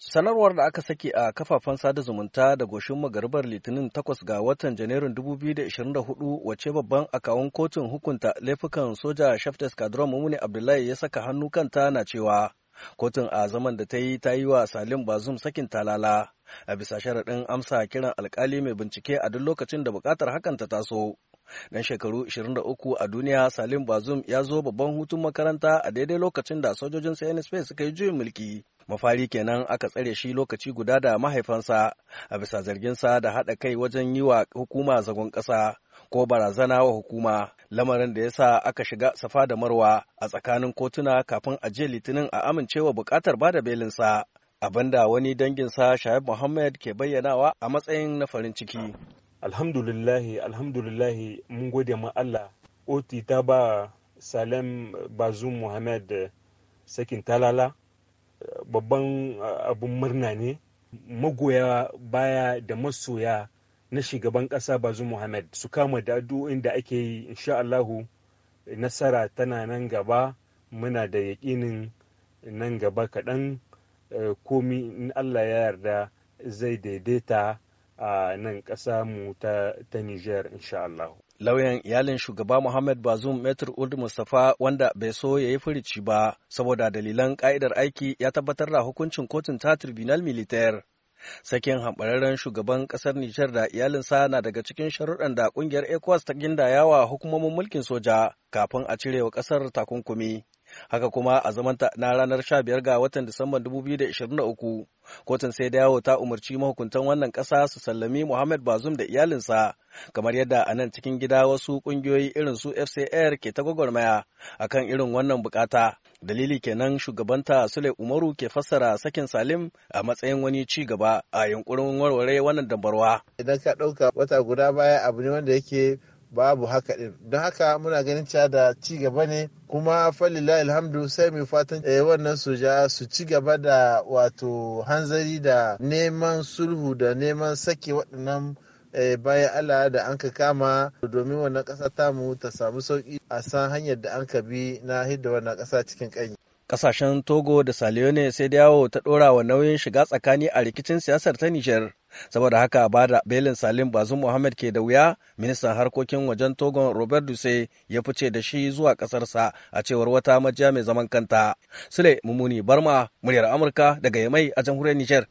Sanarwar da aka saki a kafafen sada zumunta da goshin magaribar Litinin Takwas ga watan Janairun 2024 wace babban akawun kotun hukunta laifukan soja Shaftes Kadron Mumuni Abdullahi ya saka hannu kanta na cewa kotun a zaman da ta yi ta yi wa Salim Bazum sakin talala a bisa sharaɗin amsa kiran alkali mai bincike a duk lokacin da buƙatar hakan ta taso. dan shekaru 23 a duniya salim bazum ya zo babban hutun makaranta a daidai lokacin da sojojin cnsp suka yi juyin mulki mafari kenan aka tsare shi lokaci guda da mahaifansa a bisa zarginsa da haɗa kai wajen yi wa hukuma zagon ƙasa ko barazana wa hukuma lamarin da ya sa aka shiga safa da marwa a tsakanin kotuna kafin a je litinin a amincewa buƙatar bada belinsa abinda wani danginsa shaib muhammad ke bayyanawa a matsayin na farin ciki alhamdulillahi alhamdulillahi mun gode ma allah oti ta ba salem bazum muhammad eh, sakin talala babban abun murna ne magoya baya da masoya na shugaban ƙasa bazu muhammad su kama da addu'o'in da ake yi insha nasara tana nan gaba muna da yaƙinin nan gaba kaɗan eh, komi in allah ya yarda zai daidaita a nan ƙasa mu ta niger insha allahu lauyan iyalin shugaba Muhammad Bazoum Metro Old Mustapha wanda bai so ya yi furici ba saboda dalilan ka'idar aiki ya tabbatar da hukuncin kotun ta tribunal militaire. Sakin hambararren shugaban kasar Nijar da iyalinsa na daga cikin sharuɗan da ƙungiyar ECOWAS ta gindaya wa hukumomin mulkin soja kafin a cire wa ƙasar takunkumi. haka kuma a zamanta na ranar 15 ga watan disamban 2023 kotun sai da yawo ta umarci mahukuntan wannan ƙasa su sallami muhammad bazum da iyalinsa kamar yadda a nan cikin gida wasu kungiyoyi irin su fcr ke ta gwagwarmaya akan irin wannan bukata dalili kenan shugabanta sule umaru ke fassara sakin salim a matsayin wani ci gaba a yunkurin warware wannan dambarwa idan ka dauka wata guda baya abu ne wanda yake babu haka din don haka muna ganin cewa da ci gaba ne kuma falila alhamdu sai mai fatan eh, wannan soja su ci gaba da wato hanzari da neman sulhu da neman sake waɗannan eh, bayan Allah da an ka kama domin wannan ƙasa tamu ta samu sauƙi a san hanyar da an ka bi na hidda wannan ƙasa cikin ƙanyi. kasashen Togo da Salione sai da yawo ta dora wa nauyin shiga tsakani a rikicin siyasar ta Nijar. Saboda haka ba da belin Salim bazu Muhammad ke da wuya, ministan harkokin wajen Togon Robert Duse ya fice da shi zuwa kasarsa a cewar wata majiya mai zaman kanta. Sule Mumuni Barma, muryar Amurka daga Yamai a jamhuriyar Nijar.